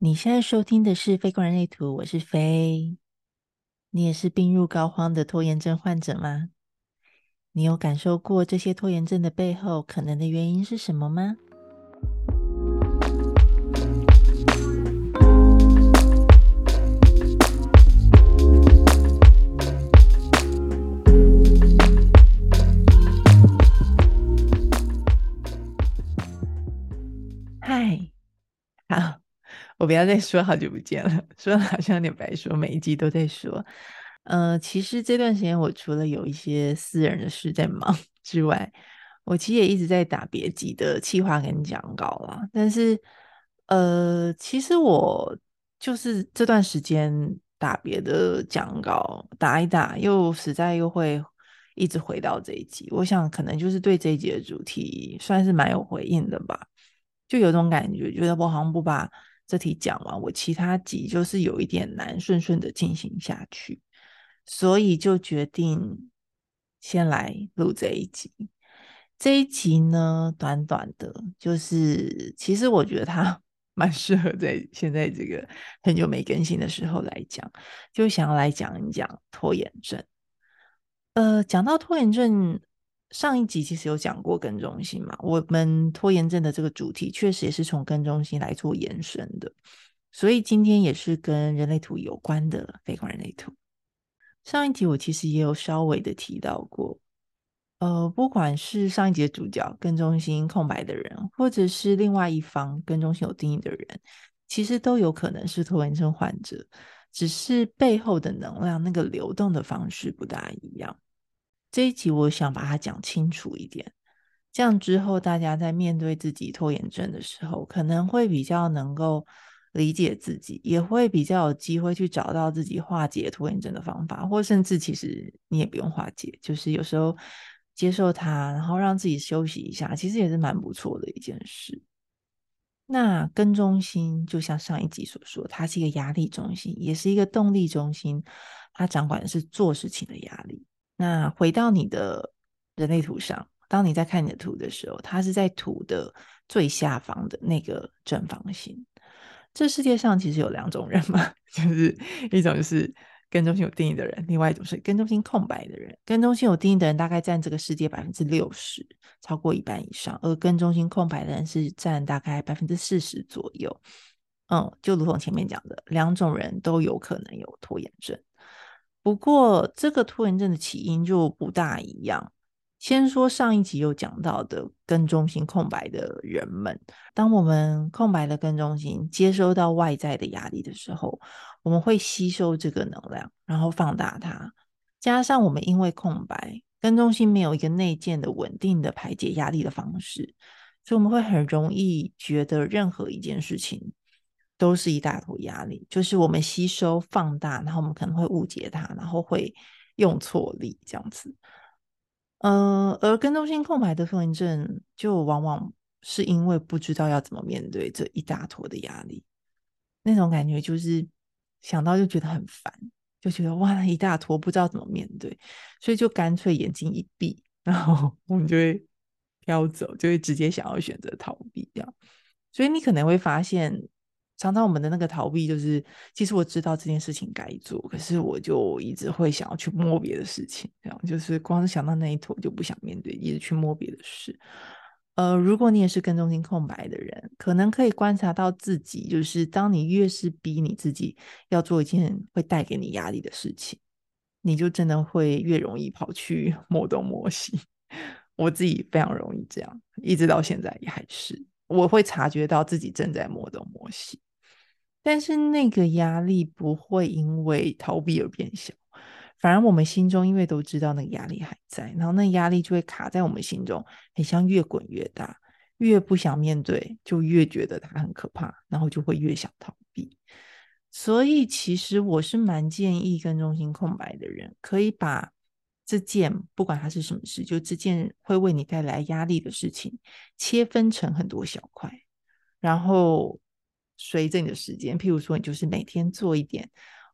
你現在收聽的是《Faye 觀人類圖》，我是 Faye。你也是病入膏肓的拖延症患者嗎？你有感受過這些拖延症的背後可能的原因是什麼嗎？不要再說好久不見了，說得好像有點白說。每一集都在說，呃，其實這段時間我除了有一些私人的事在忙之外，我其實也一直在打別集的企劃跟你講稿了。但是，呃，其實我就是這段時間打別的講稿打一打，又實在又會一直回到這一集。我想可能就是對這一集的主題算是蠻有回應的吧，就有種感覺，覺得我好像不把。這題講完，我其他集就是有一點難順順的進行下去，所以就決定先來錄這一集。這一集呢，短短的，就是其實我覺得它蠻適合在現在這個很久沒更新的時候來講，就想要來講一講拖延症。呃，講到拖延症。上一集其實有講過根中心嘛，我們拖延症的這個主題，確實也是從根中心來做延伸的，所以今天也是跟人類圖有關的，Faye 觀人類圖。上一集我其實也有稍微的提到過，呃，不管是上一集主角根中心空白的人，或者是另外一方根中心有定義的人，其實都有可能是拖延症患者，只是背後的能量那個流動的方式不大一樣。這一集我想把它講清楚一點，這樣之後大家在面對自己拖延症的時候，可能會比較能夠理解自己，也會比較有機會去找到自己化解拖延症的方法，或甚至其實你也不用化解，就是有時候接受它，然後讓自己休息一下，其實也是蠻不錯的一件事。那根中心就像上一集所說，它是一個壓力中心，也是一個動力中心，它掌管的是做事情的壓力。那回到你的人類圖上，當你在看你的圖的時候，它是在圖的最下方的那個正方形。這世界上其實有兩種人嘛，就是一種就是跟中心有定義的人，另外一種是跟中心空白的人。跟中心有定義的人大概占這個世界百分之六十，超過一半以上；而跟中心空白的人是占大概百分之四十左右。嗯，就如同前面講的，兩種人都有可能有拖延症。不過，這個拖延症的起因就不大一樣。先說上一集有講到的，根中心空白的人們，當我們空白的根中心接收到外在的壓力的時候，我們會吸收這個能量，然後放大它。加上我們因為空白根中心沒有一個內建的穩定的排解壓力的方式，所以我們會很容易覺得任何一件事情。都是一大坨壓力，就是我們吸收放大，然後我們可能會誤解它，然後會用錯力這樣子。呃，而根中心空白的負性症，就往往是因為不知道要怎麼面對這一大坨的壓力，那種感覺就是想到就覺得很煩，就覺得哇，一大坨不知道怎麼面對，所以就乾脆眼睛一閉，然後我們就會飄走，就會直接想要選擇逃避掉。所以你可能會發現。常常我們的那個逃避就是，其實我知道這件事情該做，可是我就一直會想要去摸別的事情，這樣就是光是想到那一坨就不想面對，一直去摸別的事。呃，如果你也是根中心空白的人，可能可以觀察到自己，就是當你越是逼你自己要做一件會帶給你壓力的事情，你就真的會越容易跑去摸東摸西。我自己非常容易這樣，一直到現在也還是，我會察覺到自己正在摸東摸西。但是那個壓力不會因為逃避而變小，反而我們心中因為都知道那個壓力還在，然後那壓力就會卡在我們心中，很像越滾越大，越不想面對，就越覺得它很可怕，然後就會越想逃避。所以其實我是蠻建議根中心空白的人，可以把這件不管它是什麼事，就這件會為你帶來壓力的事情，切分成很多小塊，然後。隨着你的時間，譬如說，你就是每天做一點，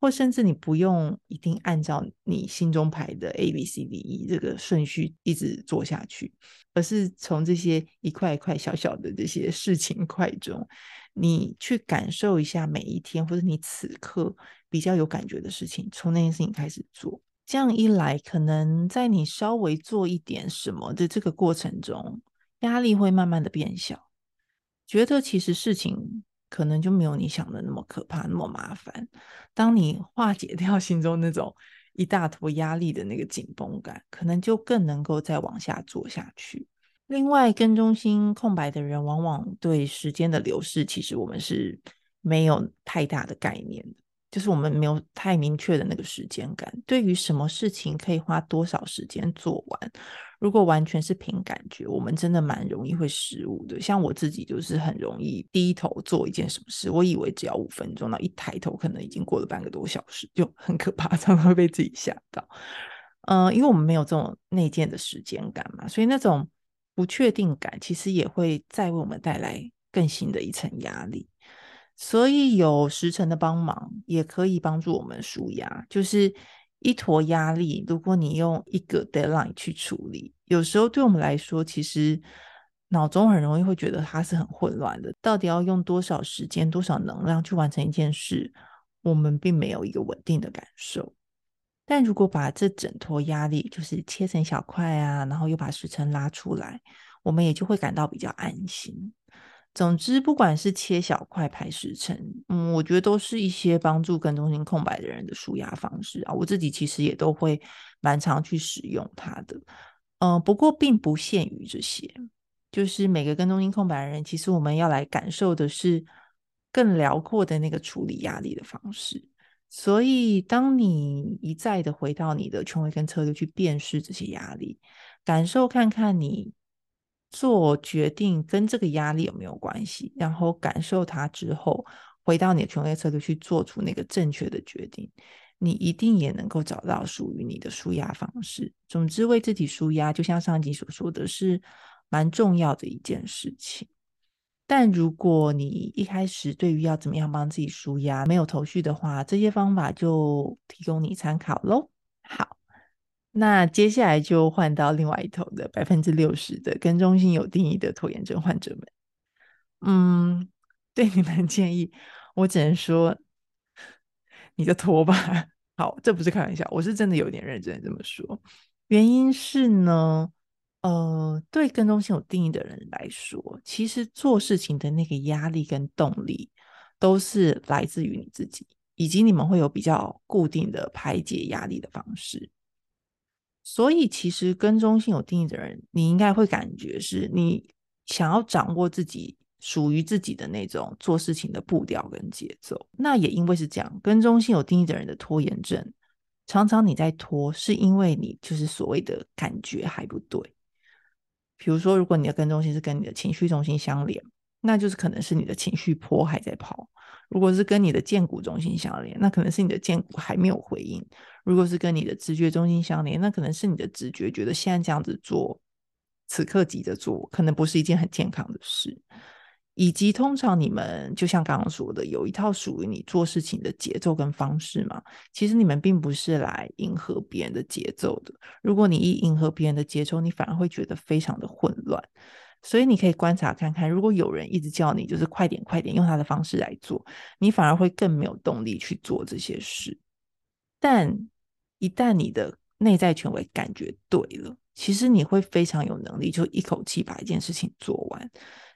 或甚至你不用一定按照你心中排的 A、B、C、D、E 這個順序一直做下去，而是從這些一塊一塊小小的這些事情塊中，你去感受一下每一天或者你此刻比較有感覺的事情，從那件事情開始做。這樣一來，可能在你稍微做一點什麼的這個過程中，壓力會慢慢的變小，覺得其實事情，可能就沒有你想的那麼可怕，那麼麻煩。當你化解掉心中那種一大坨壓力的那個緊繃感，可能就更能夠再往下做下去。另外，根中心空白的人，往往對時間的流逝，其實我們是沒有太大的概念的。就是我們沒有太明確的那個時間感，對於什麼事情可以花多少時間做完，如果完全是憑感覺，我們真的蠻容易會失誤的。像我自己就是很容易低頭做一件什麼事，我以為只要五分鐘，那一抬頭可能已經過了半個多小時，就很可怕，常常會被自己嚇到。嗯、呃，因為我們沒有這種內建的時間感嘛，所以那種不確定感其實也會再為我們帶來更新的一層壓力。所以有時程的幫忙也可以幫助我們舒壓，就是一坨壓力，如果你用一個 deadline 去處理，有時候對我們來說，其實腦中很容易會覺得它是很混亂的。到底要用多少時間、多少能量去完成一件事，我們並沒有一個穩定的感受。但如果把這整坨壓力就是切成小塊啊，然後又把時程拉出來，我們也就會感到比較安心。總之，不管是切小塊排時程，嗯，我覺得都是一些幫助跟中心空白的人的舒壓方式啊。我自己其實也都會蠻常去使用它的，嗯，不過並不限於這些。就是每個跟中心空白的人，其實我們要來感受的是更遼闊的那個處理壓力的方式。所以，當你一再的回到你的權威跟策略去辨識這些壓力，感受看看你。做決定跟這個壓力有沒有關係？然後感受它之後，回到你的權威策略去做出那個正確的決定，你一定也能夠找到屬於你的舒壓方式。總之，為自己舒壓，就像上集所說的是蠻重要的一件事情。但如果你一開始對於要怎麼樣幫自己舒壓沒有頭緒的話，這些方法就提供你參考嘍。好。那接下來就換到另外一頭的百分之六十的根中心有定義的拖延症患者們。嗯，對你們的建議，我只能說，你就拖吧。好，這不是開玩笑，我是真的有點認真的這麼說。原因是呢，呃，對根中心有定義的人來說，其實做事情的那個壓力跟動力，都是來自於你自己，以及你們會有比較固定的排解壓力的方式。所以，其實根中心有定義的人，你應該會感覺是你想要掌握自己屬於自己的那種做事情的步調跟節奏。那也因為是這樣，根中心有定義的人的拖延症，常常你在拖，是因為你就是所謂的感覺還不對。比如說，如果你的根中心是跟你的情緒中心相連，那就是可能是你的情緒波還在跑。如果是跟你的薦骨中心相連，那可能是你的薦骨還沒有回應；如果是跟你的直覺中心相連，那可能是你的直覺覺得現在這樣子做，此刻急着做，可能不是一件很健康的事。以及通常你們就像剛剛說的，有一套屬於你做事情的節奏跟方式嘛。其實你們並不是來迎合別人的節奏的。如果你一迎合別人的節奏，你反而會覺得非常的混亂。所以你可以觀察看看，如果有人一直叫你，就是快點快點，用他的方式來做，你反而會更沒有動力去做這些事。但一旦你的內在權威感覺對了，其實你會非常有能力，就一口氣把一件事情做完。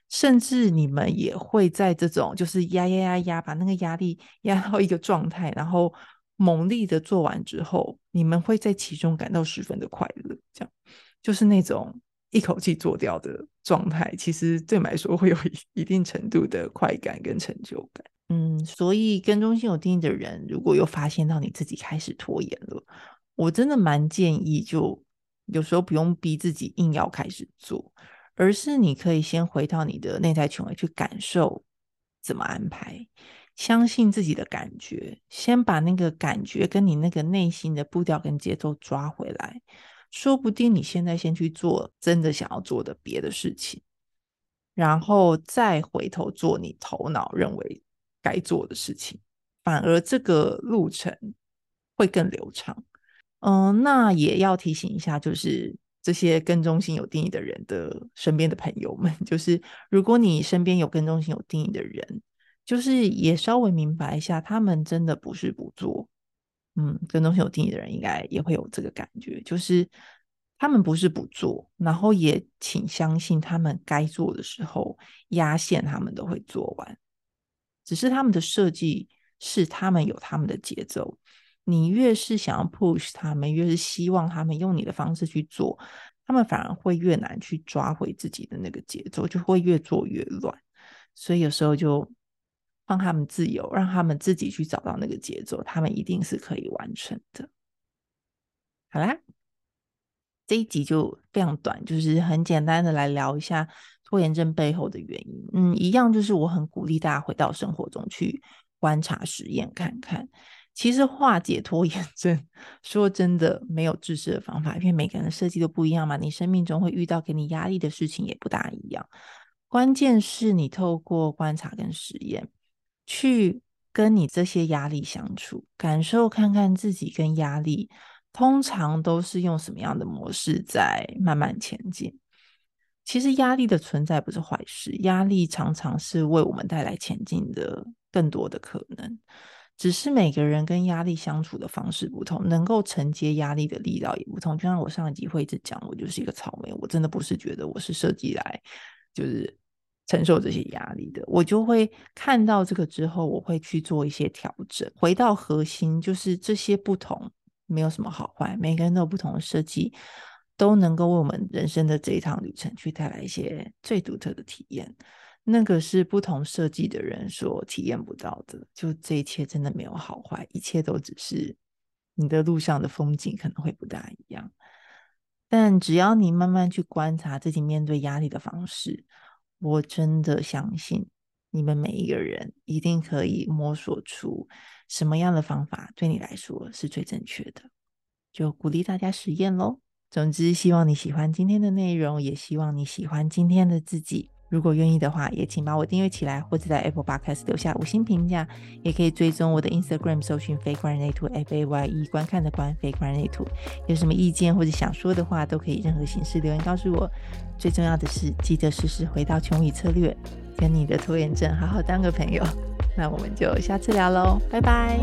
甚至你們也會在這種就是壓壓壓壓，把那個壓力壓到一個狀態，然後猛力的做完之後，你們會在其中感到十分的快樂。這樣就是那種。一口氣做掉的狀態，其實對我來說會有一定程度的快感跟成就感。嗯，所以根中心有定義的人，如果又發現到你自己開始拖延了，我真的蠻建議就，就有時候不用逼自己硬要開始做，而是你可以先回到你的內在權威去感受怎麼安排，相信自己的感覺，先把那個感覺跟你那個內心的步調跟節奏抓回來。說不定你現在先去做真的想要做的別的事情，然後再回頭做你頭腦認為該做的事情，反而這個路程會更流暢。嗯，那也要提醒一下，就是這些根中心有定義的人的身邊的朋友們，就是如果你身邊有根中心有定義的人，就是也稍微明白一下，他們真的不是不做。嗯，根中心有定義的人應該也會有這個感覺，就是他們不是不做，然後也請相信他們該做的時候壓線，他們都會做完。只是他們的設計是他們有他們的節奏，你越是想要 push 他們，越是希望他們用你的方式去做，他們反而會越難去抓回自己的那個節奏，就會越做越亂。所以有時候就。放他們自由，讓他們自己去找到那個節奏，他們一定是可以完成的。好啦，這一集就非常短，就是很簡單的來聊一下拖延症背後的原因。嗯，一樣就是我很鼓勵大家回到生活中去觀察、實驗看看。其實化解拖延症，說真的沒有制式的方法，因為每個人的設計都不一樣嘛。你生命中會遇到給你壓力的事情也不大一樣。關鍵是你透過觀察跟實驗。去跟你這些壓力相處，感受看看自己跟壓力通常都是用什麼樣的模式在慢慢前進。其實壓力的存在不是壞事，壓力常常是為我們帶來前進的更多的可能。只是每個人跟壓力相處的方式不同，能夠承接壓力的力道也不同。就像我上一集會一直講，我就是一個草莓，我真的不是覺得我是設計來就是。承受這些壓力的，我就會看到這個之後，我會去做一些調整。回到核心，就是這些不同沒有什麼好壞，每個人都有不同的設計，都能夠為我們人生的這一趟旅程去帶來一些最獨特的體驗。那個是不同設計的人所體驗不到的，就這一切真的沒有好壞，一切都只是你的路上的風景可能會不大一樣。但只要你慢慢去觀察自己面對壓力的方式。我真的相信，你們每一個人一定可以摸索出什麼樣的方法對你來說是最正確的。就鼓勵大家實驗嘍。總之，希望你喜歡今天的內容，也希望你喜歡今天的自己。如果願意的話，也請把我訂閱起來，或者在 Apple Podcast 留下五星評價。也可以追蹤我的 Instagram，搜尋 Faye 觀人類圖 F A Y E 觀看的觀 Faye 觀人類圖。有什麼意見或者想說的話，都可以任何形式留言告訴我。最重要的是，記得時時回到窮舉策略，跟你的拖延症好好當個朋友。那我們就下次聊嘍，拜拜。